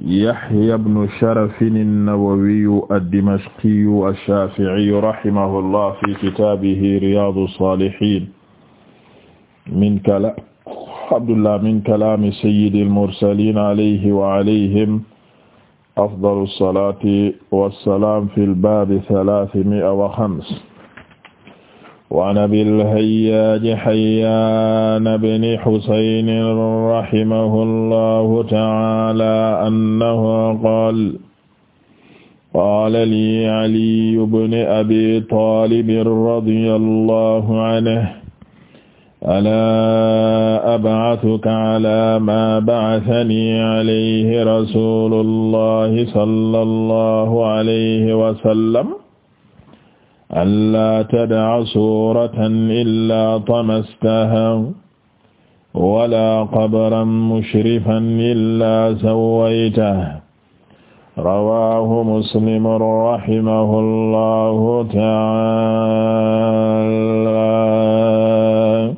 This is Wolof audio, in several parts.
Yahya ibnu Sharafin an-Nawawiyu ad-Dimashqiyu ash-Shafi'iyu rahimahullah fi kitaabihi Riyaadu s-Saalihiin min kalaam Abdullah min kalaami sayyidil mursaliin alayhi wa alayhim afdalu s-salaati wa s-salaam fil baabi salaasimi'a wa xams waan abil hayyaaji hayyaan bni husayn rahimahu allahu ta'aala annahu qaala qaala lii aliyu bni abi taalibin radiya allahu anhu alaa ab'athuka alaa maa ba'athanii alayhi rasuulu allahi sallallahu alayhi wa sallam allaa tada'a suuratan illaa tamastahaa wala qabran mushrifan illaa sawwaytahu rawaahu muslim rahimahu allahu ta'aala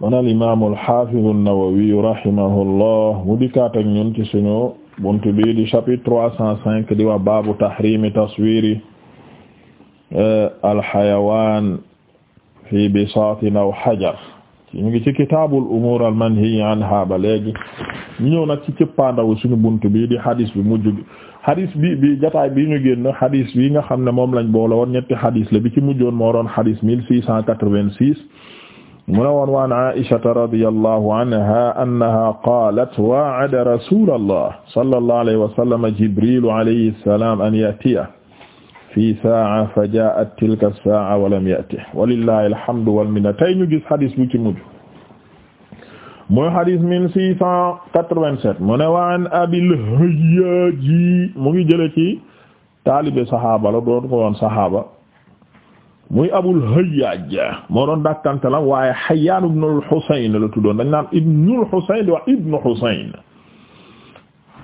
kon al imaam al haafiz an-Nawawi rahimahu allah mu dikkaat ak ñun ci sunu buntu bi di chapitre 305 di wa baabu tahriimi taswiiri Euh, alxayawaan fi bisaatin aw xajar ñu ngi ci kitaabul umuur al manhiyi anhaa ba léegi ñu ñëw nag ci cëppaandawu suñu bunt bi di xadis bi mujj bi xadis bi bi jataay bi ñu génn xadis bi nga xam ne moom lañ boole woon ñetti xadis la bi ci mujjoon moo doon xadis mille six cent quatre-vingt-six mu ne woon waan aishata radiyallahu anha annaha qaalat wa'ada rasulallah sallallahu alayhi wa sallam jibrilu alayhi salam an yatiya fi saa fa jaat tilka saa walam yati walillahi alhamdu wal minna tey ñu gis xadis bu ci mujj mooy xadis mille six cent quatre-vingt-sept mu ne waan abil hayyaaji mu ngi jële ci taalibe saxaaba la doon ko woon saxaaba muy abul hayyaaj moo doon dàkkante la waaye xayaan ibnul xusayn la tuddoon dañ naan ibnul xusayn di wax ibnu xusayn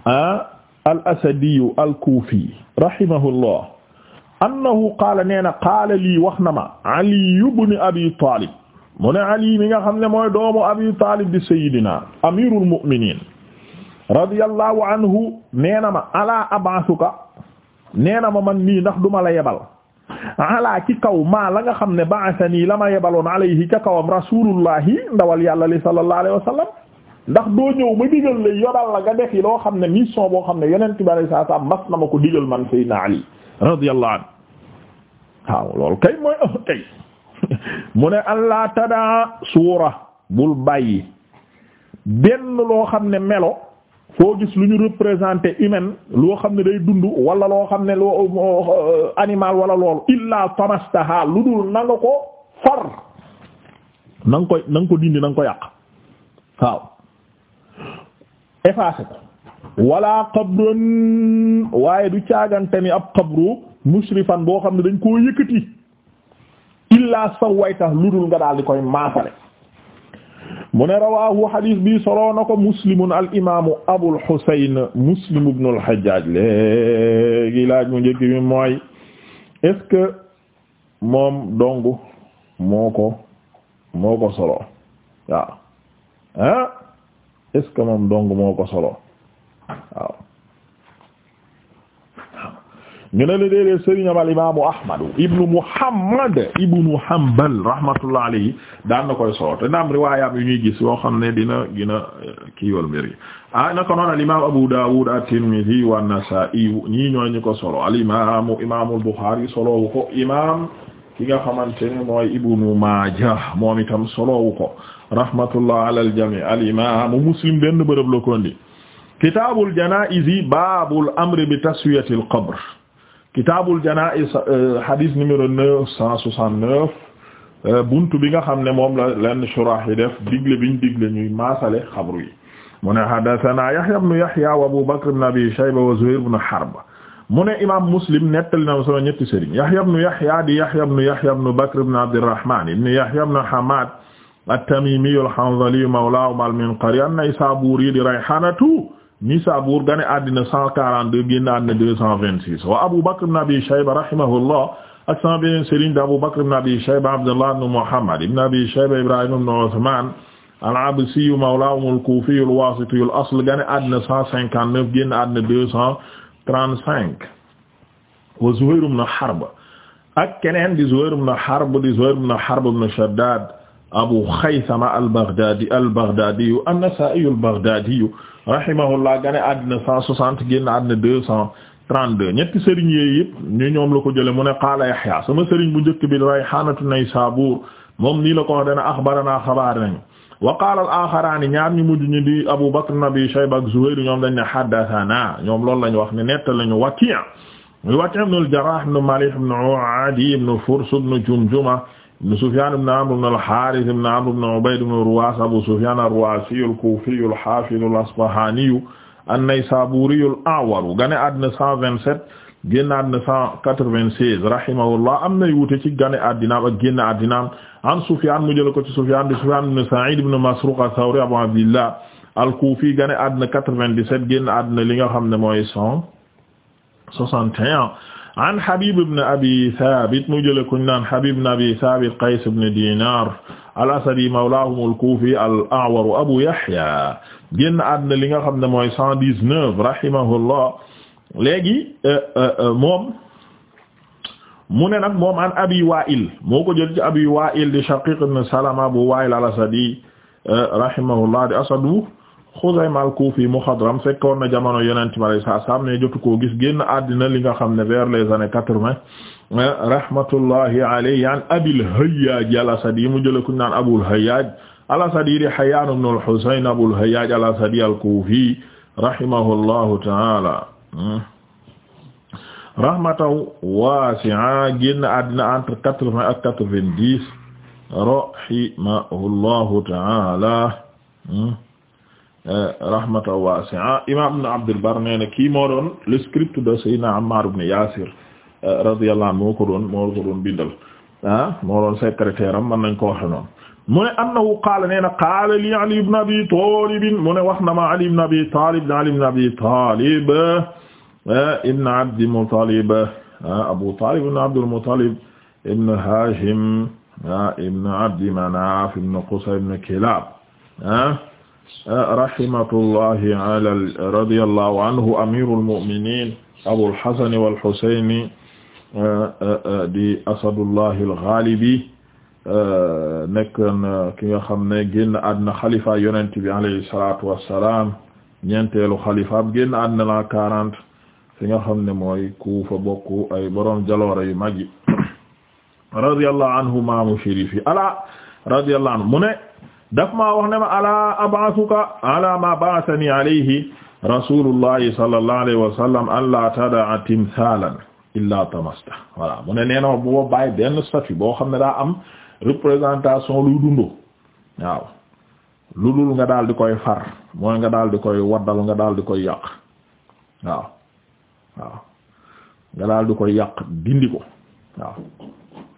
ah al asadiyu al kuufi rahimahullah annahu qaala nee na qaala lii wax na ma ali ibn abi talib mu ne ali mi nga xam ne mooy doomu abi talib di sayidina amirul mu'minin radiyallahu anhu nee na ma alaa abasuka nee na ma man nii ndax duma la yebal ala ci kaw maa la nga xam ne ba'athani la ma yebaloon alayhi ca kawam rasulullahi ndawal yàlla li sallallahu alayhi wa sallam ndax doo ñëw ma digal la yoral la nga def yi loo xam ne mission boo xam ne yonent bi alayhi salaam mas na ma ko digal man sayyidina ali radiyallahu anhu waaw loolu kay mooy oh, kay mu ne allah tadaa suura bul bàyyi benn loo xam ne melo foo gis lu ñu représenté humain loo xam ne day dund wala loo xam ne loo euh, animal wala loolu illa tamastaha lu dul na nga ko far na koy na ko dindi na ko yàq waaw effacé ko wala qabrun waaye du caagante ni ab qabru mushrifan boo xam ne dañ koo yëkkati illa sawayta lu dul nga daal di koy maasale mu ne rawahu hadis bi soloo na ko muslimun al imamu abul husayn muslim ibn al hajjaj léegi laaj mu njëkk bi mooy est que moom dong moo ko moo ko solo waaw ah est-ce que moom dong moo ko solo waaw ñu ne la déedéet sëriñam al imaamu ahmadu ibnu muhammad ibnu hanbal rahmatullah alayhi daan na solo te naam riwaayam yu gis yoo ne dina gina eh, kii wal mbir yi ah, al imaam abu daawud at-tirmidhi wa an-nasaa'i ñii ko solo al imaamu imaamul buxaari solowu ko imaam ki nga xamante ne mooy ibnu maaja moom itam solowu ko rahmatullah ala al al imaamu muslim benn bërëb la kitaabul janaa'izi baabul amri bi taswiyatil qabr kitaabul janaa'iz hadith euh, numéro neuf cent soixante neuf euh, buntu bi nga xam ne moom la leen shuraax yi def digle biñ digle ñuy maasale xabru yi mu ne haddasanaa Yahyaa ibnu Yahyaa wa Abuu Bakr ibnu Abii Shayba wa Zuhayr ibnu Harb mu ne imaam Muslim nettali na sama ñetti sëriñ Yahyaa ibnu Yahyaa di Yahyaa ibnu Yahyaa ibnu Bakr ibnu Abdirrahmaan ibnu Yahyaa ibnu Hamaad at-Tamiimiyyu al-Hanzaliyyu mawlaahum al-Minqari an-Naysaabuuri di Rayhaanatu Nisaabuur gane àddina cent quarante deux génn àddina deux cent vingt wa Abu Bakr ibn Abi Shayba rahimahullah ak Abu Bakr ibn Abi Shayba Abdullah ibn Muhammad ibn Abi Shayba Ibrahima ibn Usman al-Absi mawlaahum al-Kufi al-Wasiti al-asl gane àddina cent cinquante wa Zuhayr ibn Harb ak keneen di Zuhayr ibn Harb di Zuhayr Shaddad Abu Khaythama al-Baghdadi rahimahullah gane àddina cent soixante génn àddina deux cent trente-deux ñetti sëriñ yee yëpp ñu ñoom la ko jële mu ne qaala Yahya sama sëriñ bu njëkk bi Rayhaanatu Naysaabuur moom nii la ko wax dana axbaranaa xabaar nañu wa qaala al-aaxaraani ñaar ñu mujj ñu di Abu Bakr ibn Abi Shayba ak Zuhayr ñoom dañ ne haddathanaa ñoom loolu lañu wax ne nett lañu Waki' Waki' ibn al-Jarraah ibn Maliih ibn Adiy ibn Furs ibn Jumjuma ibn Sufyan ibn Amr ibn al-Harith ibn Amr ibn Ubayd ibn Ruwas Abu Sufyan ar-Ruwasi al-Kufi al-Hafiz al-Asbahani an-Naysaburi al-A'war gane àddina 127 génn àddina 196 rahimahullah am nay wute ci gane àddinaam ak génn àddinaam an Sufyan mu jël ko ci Sufyan di Sufyan ibn Sa'id ibn Masruq ath-Thawri Abu Abdillah al-Kufi gane àddina 97 génn àddina li nga xam ne mooy 161 an Habib ibn Abi Thabit mu jëlee ku ñu naan Habib ibn Abi Thabit Qays ibn Dinar al-Asadi mawlahum al-Kufi al-A'war Abu Yahya génn àddina li nga xam ne mooy cent dix-neuf rahimahullah léegi euh, euh, euh, moom mu ne nag moom an Abi Wa'il moo ko jël ci Abi Wa'il di Shaqiq ibn Salama Abu Wa'il al-Asadi rahimahullah di Asadu Xuzayma al-Kufi muxadram fekkoon na jamono Yonent bi saa saam ne jotu koo gis génn àddina li nga xam ne vers les années quatre-vingt eh, rahmatullahi alayhi an Abil Hayyaaj al-Asadi mu jëlee ku ñu naan Abul Hayyaaj al-Asadi di Hayyaan ibn al-Husayn Abul Hayyaaj al-Asadi al-Kufi rahimahullahu ta'ala hmm. rahmatan waasi'a génn àddina entre quatre-vingt ak quatre-vingt-dix rahimahullahu ta'ala hmm. Eh, rahmatan wasi'a imam ibn Abd al-Barr nee na kii moo doon le script de Seydina Ammar ibn Yasir eh, radiyallahu anhu moo ko doon moo ko doon bindal ah moo doon secrétaire am mën nañ ko waxe noonu mu ne annahu qaala nee na qaala li Ali ibn Abi Talib mu ne wax na ma Ali ibn Abi Talib Ali ibn Abi Talib eh, ibn Abd al-Muttalib Abu Talib ibn Abd al-Muttalib ibn Hashim ibn Abd Manaf ibn Qusay ibn Kilab rahimatullahi ala radiyallahu anhu amirul mu'minin abul hasan wal husayn uh, uh, uh, di asadullahi al-ghalibi nekk ki nga xam ne génn àddina xalifa yonent bi alayhi salatu wassalam ñeenteelu xalifa ab génn àddina la quarante fi nga xam ne mooy Kuufa bokk ay borom jaloore yu mag yi radiyallahu anhu maamu shérif yi ala radiyallahu anhu mu ne daf maa wax ne ma ala ab'athuka ala ma ba'athani alayhi rasulullahi sallallahu alayhi wa sallam an la illa tamasta voilà mu ne nee na ma bu benn statue boo xam ne daa am représentation luy dundoo waaw lu dul nga daal di koy far mooy nga daal di koy waddal nga daal di koy yàq waaw waaw nga daal di koy yàq dindi ko waaw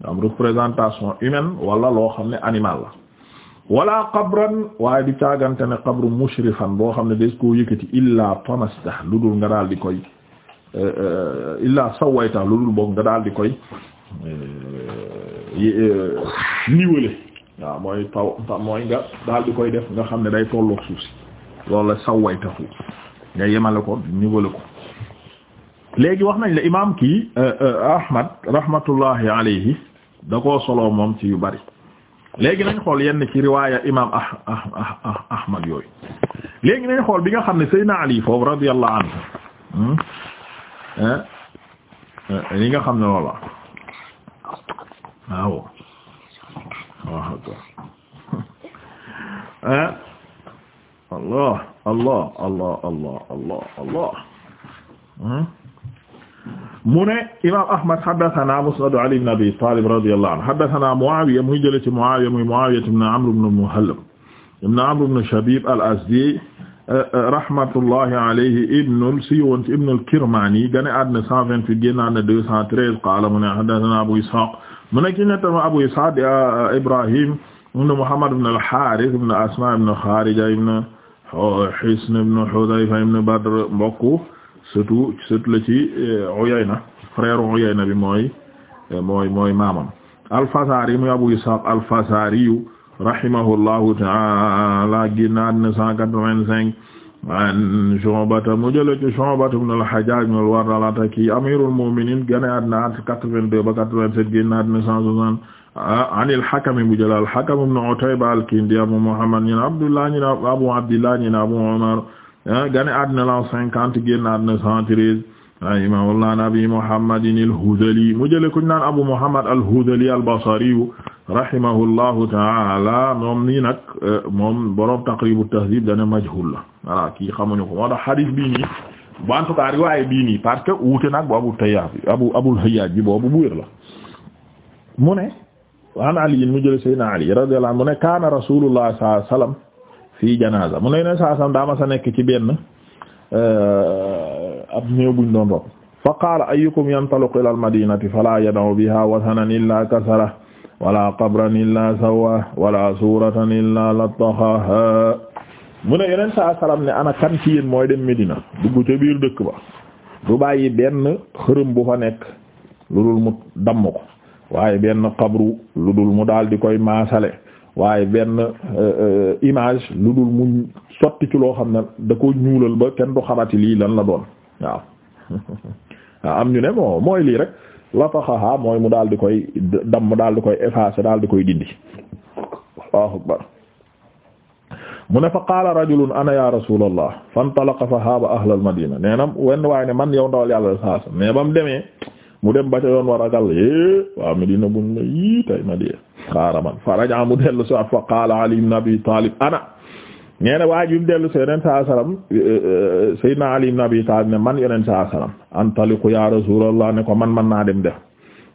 am wala loo xam ne animal la wala qabran waaye di caagante ne qabru mushrifan boo xam ne des koo yëkkati illaa tamastah nga daal di koy illaa sawaytah lu dul nga daal di koy euh, euh, euh, niwale mooy nga daal di koy def nga xam ne day tolloog suuf si loolu la sawaytahu nga yemale ko niwale ko léegi wax nañ la imaam kii Ahmad rahmatullahi alayhi da koo soloo moom ci yu bari léegi nañ xool yenn ci riwaaya imaam ah ah ah, ah Ahmad yooyu léegi nañ xool bi nga xam ne Seydina Ali foofu radiyallahu anhu hmm? eh? Eh, li nga xam ne loolu la waaw waaw eh? Allah Allah Allah Allah Allah Allah hmm? mu ne imam ahmad hadathana musnad ali ibn abi talib radiyallahu anhu hadathana muawiya muy jële ci muawiya muy muawiya ibn amr ibn muhallab ibn amr ibn shabib al asdi rahmatullahi alayhi ibnul siiwoon ci ibnul kirmaani gane àddina 128 génn àddina 213 qaala mu ne haddasanaa abu ishaaq mu ne ki nettama abu ishaaq euh, ibrahim ibn muhammad ibn al-haaris ibn asmaa ibn xaarija ibn hisn ibn hudayfa ibn badr mbokk surtout surtout la ci euh, Uyayna frère Uyayna bi mooy euh, maamam al muy Abu Ishaq al-Fazari rahimahullahu ta'ala ginnaat ne cent quatre-vingt-cinq an Shu'bata mu jële ci Shu'bata ibn al-Hajjaj ibn al-Ward al-Ataki amirul mu'minin ganaat na 82 ba 87 ginnaat ne cent soixante ah, an al-Hakam mu jële al-Hakam ibn Utayba al-Kindi Abu Muhammad Abu Abdillah Abu Umar Ah, gane àddina la cinquante génn àddina cent treize rahimahullah an abi muhammadin al-hudhali mu jële ko ñu naan abu muhammad al-hudhali al-basri rahimahullahu ta'ala moom nii nag eh, moom borom taqrib at-tahdhib dana majhul la voilà kii xamuñu ko moo tax hadith bii nii bu en tout cas riwaay bii nii parce que wuute nag bu abu tayyab bi abu abul hayyaj bi boobu bu wér la mu ne an ali mu jële sayyidina ali radiyallahu anhu mu ne kaana rasulullah sallallahu alayhi wasallam fii janaza mu ne yeneen saa sam daa nekk ci benn euh, ab néew buñ doon rob fa qaala ayyukum yantaliqu ila almadinati fala yad'u biha wathanan illa kasara wala qabran illa sawa wala suratan illa lattaxaha mu ne yeneen saa salam ne ana kan ci yéen mooy dem Medina dugg ca biir dëkk ba du bàyyi benn xërëm bu fa nekk lu dul mu damm waaye benn xabru lu dul mu daal di koy maasale waaye benn euh, euh, image lu dul mu sotti ci loo xam ne da ko ñuulal ba kenn du xamati lii lan la doon waaw am ñu ne bon mooy lii rek lafaxaha mooy mu daal di koy dam daal di koy effacer daal di koy dindi allahu akbar mu ne fa qaala rajulun ana ya rasulallah fantalaqa fa haaba ahlal madina nee wenn waaye ne man yow ndawal yàlla saa sa mais ba mu demee mu dem ba ca yoon war a gal eh waa Medina bu ñu yii tey ma dee man faraja mu dellu si waat fa qaala Ali ibn Abi ana nee na waa ji mu dellu si yeneen saa salaam Seydina Ali ibn Abi ne man yeneen saa salaam antaliqu ya Rasulallah ne ko man man naa dem def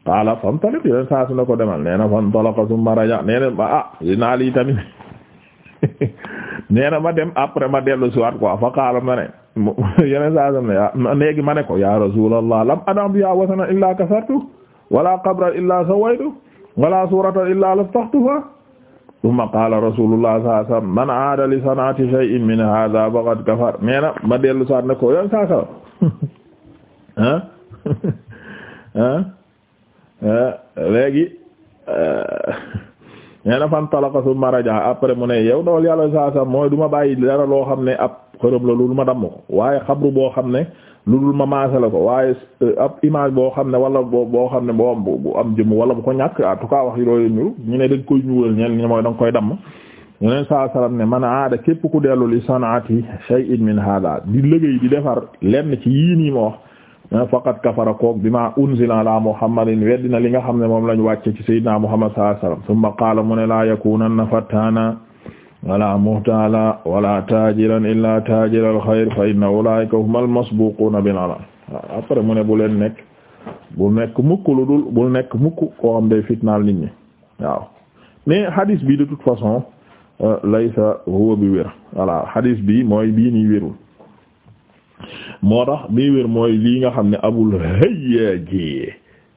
qaala fantaliq yeneen saa su ne ko demal nee na fantalaqa summa raja nee na ma ah Seydina Ali tamit nee na ma dem après ma dellu si waat quoi fa qaala ma yeneen saa sam ne yaa ah, ma ne ko ya rasulallah lam adam ya wasana illa kasartu wala qabra illa sawaytu wala surata illa lastaxtufa thumma qala rasulullah sallallahu alayhi man aada li sanati shay'in min hadha faqad kafar nee ma dellu saat ne ko yoon saa saa ah ah léegi ah, nee fan talaqa thumma raja après mu ne yow dawal saa saa mooy du ma bàyyi dara loo xam ne ab xërëm la loolu ma damm ko waaye xabru boo xam ne lu loolu ma maase la ko waaye euh, ab image boo xam ne wala boo xam ne boo bu am jëmm wala bu ko ñàkk en tout cas wax yooyu ñu ñu ne dañ koy koy damm yeneen saa salaam ne man aada képp ku dellu li sanaati shay'in min hada di liggéey di defar lenn ci yii nii ma wax ah, faqat kafara koog bima unzila ala muhammadin weddina li nga xam ne moom lañ wàcce ci sayyidina muhammad sallallahu alayhi wasallam summa qaala mu ne laa yakunanna fattaana wala muhtala wala tajiran illa tajira alxair fa inna ulaika hum almasbuquna bil amal après mu ne bu leen nekk bu nekk mukk lu dul bu nekk mukk koo xam day fitnaal nit ñi waaw mais hadis bi de toute façon euh, laysa huwa bi wér voilà hadis bi mooy bii nii wérul moo tax bii wér mooy lii nga xam ne abul hayyaji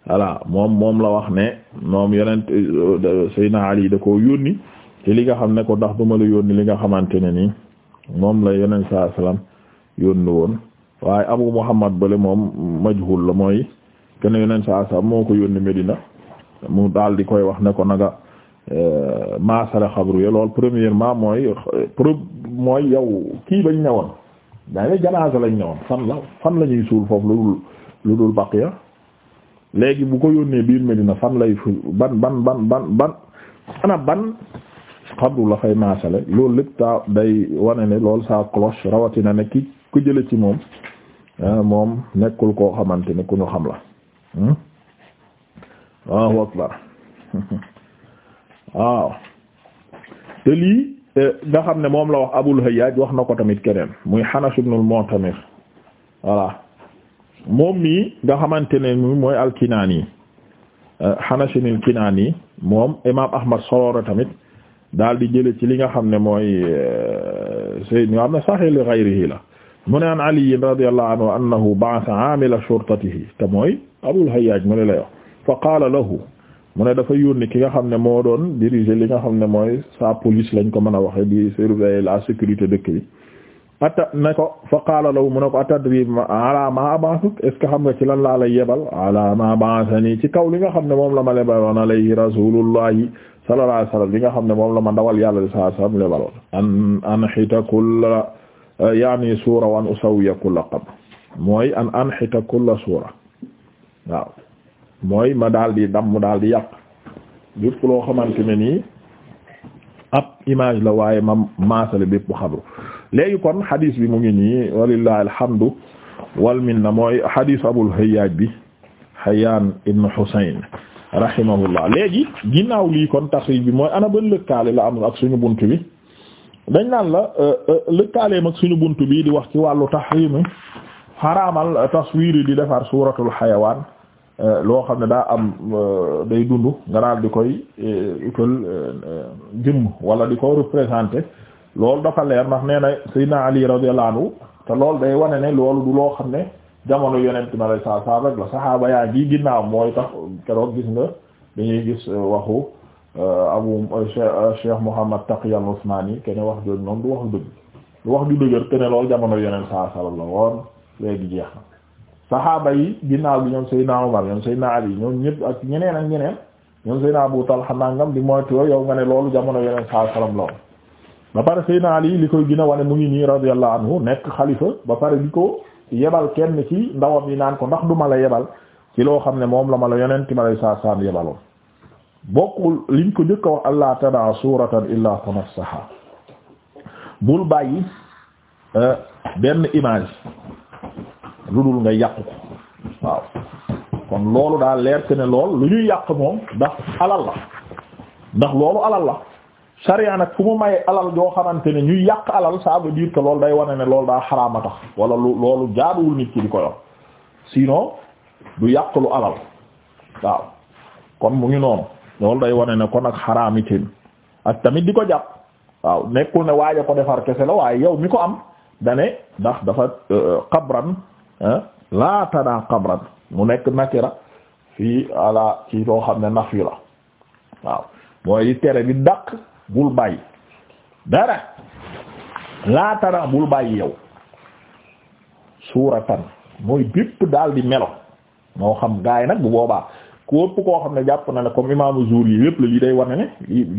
voilà moom moom la wax ne moom yonent euh, Seydina Ali da ko yónni ci li nga xam ne ko ndax duma la yónni li nga xamante ne nii moom la yeneen saa salaam yónni woon waaye Abu Muhammad bale moom majhul la mooy kenn yeneen saa salaam moo ko yónni Medina mu daal di koy wax ne ko naga eh, maasale xabru ye lool premièrement mooy pro mooy yow kii bañ ñëwoon daa ne janaasa lañ ñëwoon fan la fan la ñuy suul foofu lu dul lu dul baqiya léegi bu ko yónnee biir Medina fan lay fu ban ban ban ban ban ana ban xabru la fay maasale loolu lépp taa day wane ne loolu saa cloche rawatina ne ki ku jële ci moom ah, moom nekkul koo xamante ne ku ñu xam la waaw hmm? akbar waaw te lii eh, nga xam ne moom la wax Abul Hayyaj wax na ko tamit keneen muy Hanash ibn tamit mutamir moom mii nga xamante ne mooy al-Kinaani eh, Hanash al-Kinaani moom Imaam Ahmad soloona tamit daal di jële ci li nga xam ne mooy euh, sayyid nga xam ne sahih li ghayrihi la mu ne an ali radiyallahu anhu annahu ba'atha aamila shurtatihi te mooy abul hayyaj mu ne lay wax fa qaala lahu mu ne dafa yónni ki nga xam ne moo doon diriger li nga xam ne mooy sa police lañ ko mën a waxe di surveiller la sécurité dëkk bi ata ne ko fa qaala lahu mu ne ko a ala ma ba'athuk est xam nga ci lan laa lay yebal ala ma ba'athani ci kaw li nga xam ne moom la ma lebaloon alayhi rasulullahi sallallahu alayhi wasallam li nga xam ne moom la ma dawal yàlla li sallallahu alayhi wasallam lebaloon an an kulla suura wa an usawiya kulla qabr mooy an an kulla suura mooy ma daal di damm daal di yàq lépp loo xamante ne nii ab image la waaye ma maasale bépp xabru léegi kon hadis bi mu ngi nii walillahi alhamdu wal minna mooy hadis abul hayyaaj bi Hayyaan ibn Husayn rahimahullah léegi ginnaaw lii kon taxrij bi mooy ana ban lëkkaale la am ak suñu bunt bi dañ naan la euh, euh, lëkkaaleem ak suñu bunt bi di wax ci wàllu taxriimi xaraamal taswiiri di defar suuratul xayawaan euh, loo xam ne daa am day dund nga daal di koy utal wala di ko représenter lool dafa leer ndax nee na Seydina Ali radiyallahu anhu te loolu day wane ne loolu du loo xam ne jamono yonent ma lay saa saa rek la saxaaba yaa ngi ginnaaw mooy tax keroog gis nga dañuy gis euh, waxu euh, abu euh, Cheikh Muhammad Taqi al-Usmani kenn wax jooju moom du waxu dëgg du wax ju dëgër kenn loolu jamono yonent saa saa la woon léegi jeex saxaaba yi ginnaaw bi ñoom Seydina na ñoom Seydina Ali ñoom ñëpp ak ñeneen ak ñeneen ñoom Seydina Abu Talha nangam di moytuwoo yow nga ne loolu jamono yonent saa saa la woon ba pare Seydina Ali li koy gën a mu ngi nii radiyallahu anhu nekk xalifa yebal kenn ci ndawam yi naan ko ndax du ma la yebal ci loo xam ne moom la ma la yeneen yonenti ma lay saa saan yebaloon bokkul liñ ko njëkk a wax allah tadaa suratan illa tanassaha bul bàyyi euh, benn image lu dul nga yàqu ko waaw kon loolu daal leer ne lool lu ñuy yàq moom ndax alal la ndax loolu alal la sariya nag ku mu may alal joo xamante ne ñu yàq alal ça veut dire que loolu day wane ne loolu daa xaraama tax wala lu loolu jaaduwul nit ki di ko yor du yàq lu alal waaw kon mu ngi noonu loolu day wane ne kon ak xaraami teen ak tamit di ko jàpp waaw nekkul ne waaja ko defar kese la waaye yow mi ko am dane ndax dafa qabran euh, laa tanaa qabran mu nekk nakira fi ala ci loo xam ne naf yu waaw mooy tere bi dàq bul bàyyi dara laa bul bàyyi yow suuratan mooy bépp daal di melo moo xam gaay nag bu boobaa képp koo xam ne jàpp na ne comme imaamu jour yi yépp la lii day war ne ne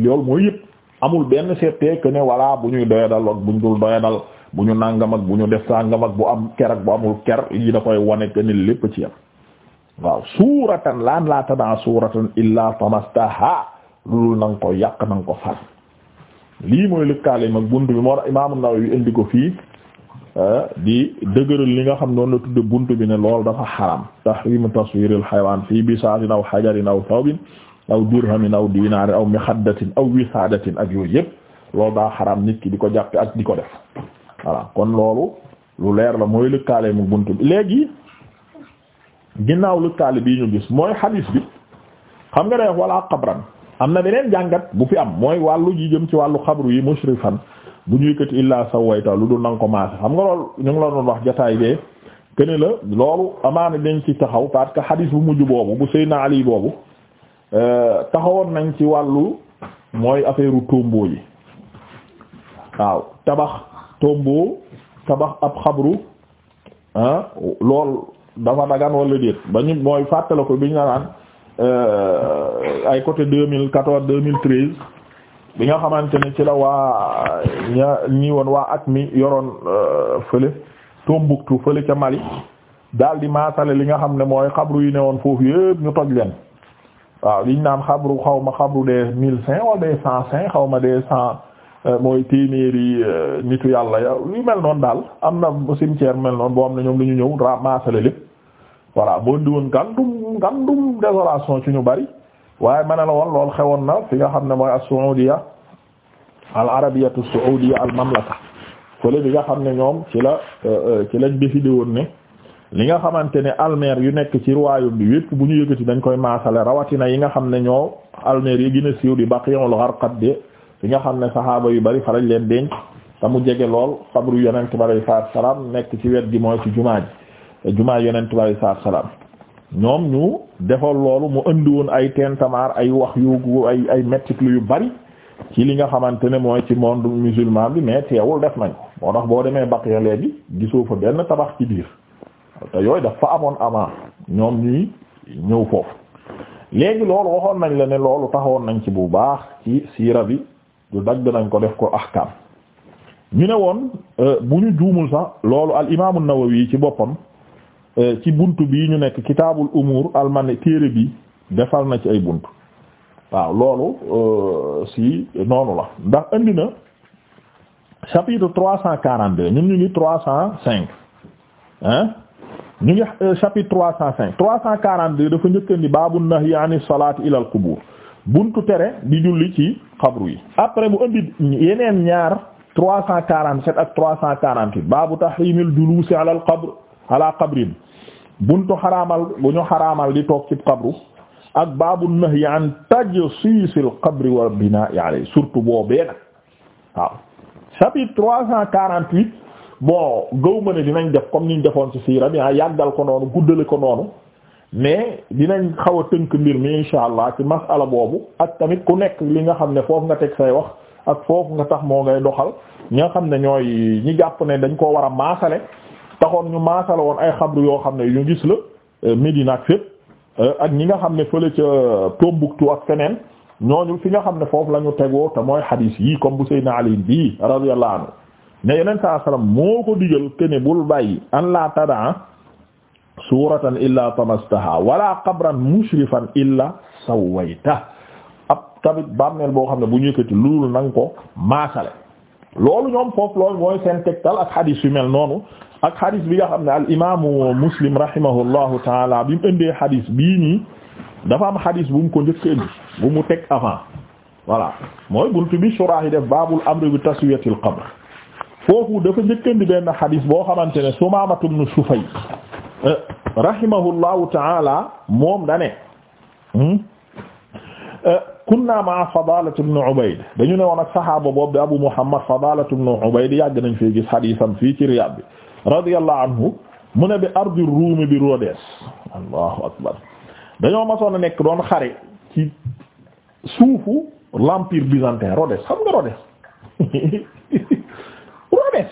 loolu mooy yépp amul benn seetee que ne voilà bu ñuy doyadal ak bu ñu dul doyadal bu ñu nàngam ak bu ñu def sàngam ak bu am ker ak bu amul ker yi da koy wane que lépp ci yam waaw suuratan laan laa tanaa suuratan illaa tamastaha loolu na nga ko yàq na ko far lii mooy lëkkaale mag bunt bi moo tax Imaam An-Nawawi indi ko fii ah, di dëgëral li nga xam noonu la tudde bunt bi ne loolu dafa xaram tahrimu taswiril xayawaan fii bisaatin aw xajarin aw tawbin aw dirhamin aw dinaarin aw mixaddatin aw wisaadatin ak yooyu yëpp loolu daa xaram nit ki di ko jàppe ak di ko def voilà kon loolu lu leer la mooy lëkkaale mu bunt bi léegi ginnaaw lëkkaale bii ñu gis mooy xadiis bi xam nga def wala xabran am na beneen jàngat bu fi am mooy wàllu ji jëm ci wàllu xabru yi mushrifan bu ñuy kët illaa sawayta lu dul nanga ko maase xam nga loolu ñu ngi la doon wax jotaay bee kene la loolu amaana dañ ci taxaw parce que xadiis bu mujj boobu bu Seydina Ali boobu euh, taxawoon nañ ci wàllu mooy affaire u tombeau yi waaw tabax tombeau tabax ab xabru ah lool dafa dagan wala déet ba ñu mooy fàttala ko bi ñu naan Euh, ay côté deux mille quatorze deux mille treize bi nga xamante ne ci la waa ña ñi woon waa at mi yoroon euh, fële Tombouctou fële ca Mali daal di maasale li nga xam ne mooy xabru yi ne woon foofu yëpp ñu toj leen waaw liñ naan xabru xaw ma xabru des mille cinq wala des cent cinq xaw ma des cent euh, mooy téeméeri nitu yàlla ya yu mel noon daal am na cimetière mel noonu boo am ne ñoom lu ñu ñëw ra maasale lépp voilà boo ndiwoon ngandum ngandum désolation ci ñu bari waaye ma ne la woon lool xewoon na fi nga xam ne mooy as-Saudiya al arabiyatu as-Saudiya al mamlaka fële bi nga xam ne ñoom ci la euh, euh, ci lañ décidé woon ne li nga xamante ne almeer yu nekk ci royaume bi yépp bu ñu yëkkati dañ koy maasale rawatina yi nga xam ne ñoo almeer yi gën a siiw di Baqi'ul Gharqad de fi nga xam ne saxaaba yu bari fa lañ leen denc te mu jege lool xabru yonent bi alayhi salaam nekk ci gi mooy ci jumaa ji jumaa yonent bi alayhi salaatu salaam ñoom ñu defoon loolu mu indi woon ay tamaar ay wax yu ay ay mettit yu bari ci li nga xamante ne mooy ci monde musulman bi mais teewul def nañ ko moo tax boo demee Baqiya léegi gisoo fa benn tabax ci biir te yooyu daf fa amoon avant ñoom ñuy ñëw foofu léegi loolu waxoon nañ la ne loolu taxawoon nañ ci bu baax ci siira bi du dagg nañ ko def ko ahkaam ñu ne woon euh, bu ñu juumul sax loolu al imaamu Nawawi ci boppam Euh, ci bunt bi ñu nekk kitaabul umur almane téere bi defal na ci ay bunt waaw loolu euh, si noonu la ndax indi na chapitre trois cent quarante-deux ñun ñu ngi trois cent cinq hein ñu ngi euh, chapitre trois cent cinq trois cent quarante-deux dafa njëkk indi baabu nahyi ani salaati ila al qubur buntu tere di julli ci xabru yi après bu indi yeneen ñaar trois cent quarante-sept ak trois cent quarante-huit baabu tahrimil juluusi ala al qabr ala qabrin buntu xaramal bu ñu xaraamal di toog ci qabru ak baabu nahyi an tajsiisil qabri wal binaa'i alayhi surtout boobee nag waaw chapitre trois cent quarante-huit bon gëw ma ne dinañ def comme niñ defoon ci siira bi ah, yàggal ko noonu guddale ko noonu mais dinañ xaw tënk mbir mi insha allah ci masala boobu ak tamit ku nekk li nga xam ne foofu nga teg say wax ak foofu nga tax moo ngay doxal ñi nga xam ne ñooy ñi jàpp ne dañ ko war a maasale taxoon ñu maasala woon ay xabru yoo xam ne yu ñu gis la euh, Médina ak fépp euh, ak ñi nga xam ne fële ca euh, Tombouctou ak feneen ñooñu fi nga xam ne foofu lañu ñu tegoo te mooy xadiis yii comme bu Seydina Ali bii radiyallahu anhu ne yeneen saa salaam ko digal te bul bàyyi an la tadaa suuratan illaa tamastaha wala qabran mushrifan illaa sawayta ab tamit bàmmeel boo xam ne bu ñu yëkkati loolu nanga ko maasale loolu ñoom foofu loolu mooy seen tegtal ak xadiis yu mel noonu ak xadis bi xam ne al imaamu muslim rahimahullahu taala bi mu bii nii dafa am xadis mu ko njëkk bu mu teg avant voilà mooy buntu bi surah yi def baabul amri bi taswiyatil qabr foofu dafa njëkk indi benn xadis boo xamante ne Sumaamatu ibn Sufay eh, rahimahullahu taala moom dane hmm, eh, kunna ma'a Fadaalata ibn Ubayd dañu ne woon ak saxaaba boobu di Abu Muhammad Fadaalata ibn Ubayd yàgg nañ fee gis xadisam fii ci Riyaad bi radiyallahu anhu mu ne bi ardi ruumi bi Rhodes allahu akbar dañoo masoon a nekk doon xare ci suufu l'empire byzantin Rhodes xam nga Rhodes Rhodes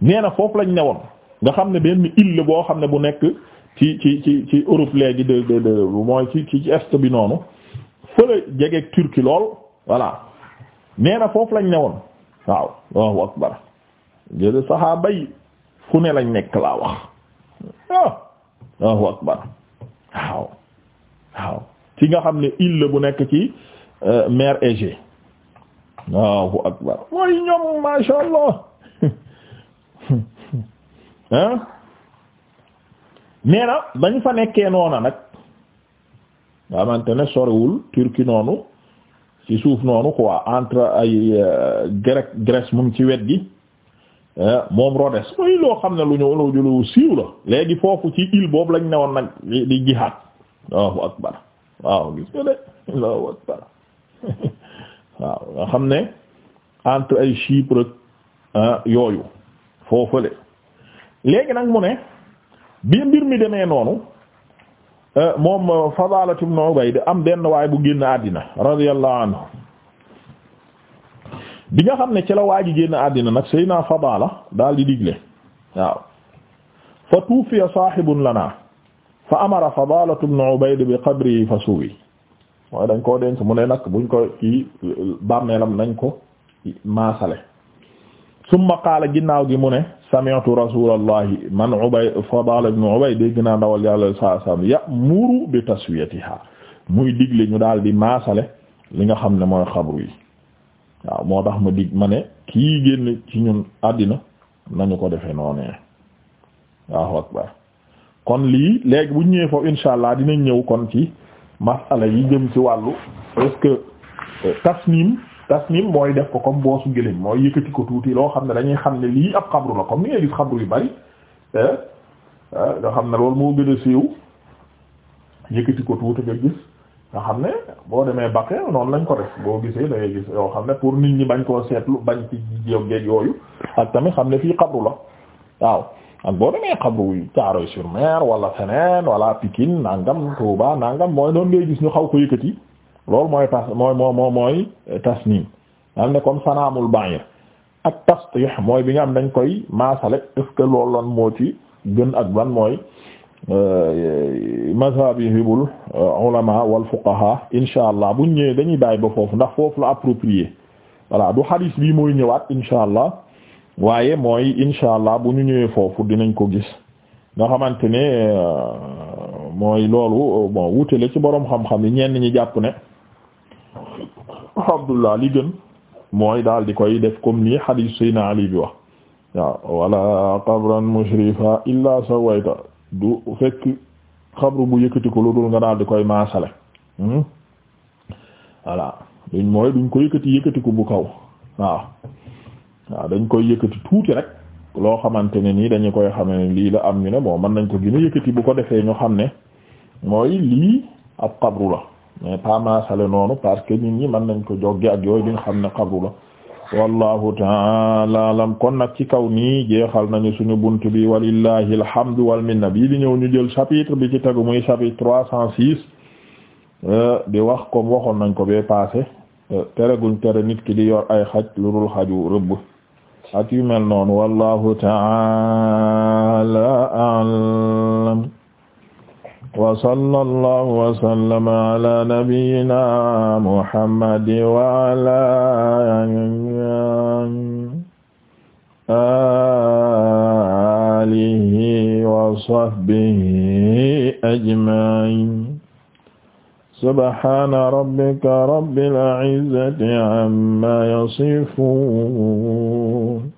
nee na foofu lañ newoon nga xam ne benn île boo xam ne bu nekk ci ci ci ci Europe léegi de de de mooy ci ci ci est bi noonu fële jegeeg Turquie lool voilà nee foofu lañ newoon waaw allahu akbar jële saxaaba fu ne lañ nekk laa wax ah, waaw waaw ci nga xam ne île bu nekk ci euh, mer Égée Allahu akbar mooy ñoom masha Allah ah nee na bañ fa nekkee noona nag nga xamante ne sorewul Turquie noonu ci suuf noonu quoi entre ay euh, Grec Grèce mu ngi ci wet gi Eh, moom Rhodes mooy loo xam ne lu ñu loo jëloo siiw la léegi foofu ci île boobu lañ newoon nag di jihaad Allahu akbar waaw gis nga de Allahu akbar waaw nga xam ne entre ay Chypre eh, yooyu foofale léegi nag mu ne bi mbir mi demee noonu eh, moom Fadalat ibn Ubayd am benn waay bu génn àddina radiyallahu anhu bi nga xam ne ci la waa ji génn àddina nag naa Fadala daal di digle waaw fa tuufiya saahibun lana fa amara Fadalatu ibn Ubayd bi qabri fa suwi mooy dañ koo denc mu ne nag buñ ko kii bàmmeelam nañ ko maasale summa qaala ginnaaw gi mu ne sami'tu rasulallahi man Ubayd Fadala ibn Ubayd dégg naa ndawal yàlla sallallahu alayhi wasallam ya'muru bi taswiyatiha muy digle ñu daal di maasale li nga xam ne mooy xabru yi waaw moo tax ma dig ma ne kii génn ci ñun àddina nañu ko defee noonee waaw akbar kon lii léegi bu ñëwee foofu insha allah dinañ ñëw kon ci masala yi jëm ci wàllu est-ce que euh, tasnim tasnim mooy def ko comme boosu gëléem mooy yëkkati ko tuuti loo xam ne dañuy xam ne lii ab xabru la comme ni ngay gis xabru yu bari eh, eh, nga xam ne loolu moo gën a siiw yëkkati ko tuuti nga gis nga xam ne boo demee bakke noon lañ ko def boo gisee da gis yoo xam ne pour nit ñi bañ koo seetlu bañ ci jéeg yooyu ak tamit xam ne fii xabru la waaw ak boo demee xabru Caaroy sur Mer wala feneen wala Pikine nangam Touba nangam mooy doon ngay gis ñu xaw ko yëkkati loolu mooy tas mooy moo moo mooy tas niim nga xam ne comme sanaamul ba'ir ak tas mooy bi nga am dañ koy maasale est ce que loolu moo ci gën ak ban mooy Euh, mazhabihul euh, ulama wal fuqaha insha allah buñ ñëwee dañuy bàyyi ba foofu ndax foofu la approprié voilà du xadis bi mooy ñëwaat insha allah waaye mooy insha allah bu ñu ñëwee foofu dinañ ko gis nga xamante ne euh, mooy loolu bon wutale ci boroom xam-xam yi ñenn ñi jàpp ne alhamdulillah li gën mooy daal di koy def comme nii xadiis Seydina Ali bi wax waaw wala qabran mushrifa illa sawayta du fekk xabru bu yëkkati ko lu dul nga daal di koy maasale hmm? voilà duñ mooy duñ ko yëkkati yëkkati ko bu kaw waaw waaw dañ koy yëkkati tuuti rek loo xamante ne nii dañu koy xame ne lii la am ñu ne bon mën nañ ko gën yëkkati bu ko defee ñu xam ne mooy lii ab xabru la mais pas maasale noonu parce que nit ñi mën nañ ko jogge ak yooyu duñ xam ne xabru la wallahu taala alam kon nag ci kaw nii jeexal nañu suñu bunt bi walillahi alhamdu wal minna bii di ñëw ñu jël chapitre bi ci tegu muy chapitre trois cent six euh, di wax comme waxoon nañ ko bee passé euh, tere guñ tere nit ki di yor ay xaj lu dul xaju rëbb ak yu mel noonu wallahu taala alam wa sallallahu wa sallama ala nabiyyina muhammad wa ala alihi wa sahbihi ajma'in subhaana rabbika rabbil izzati amma yasifuun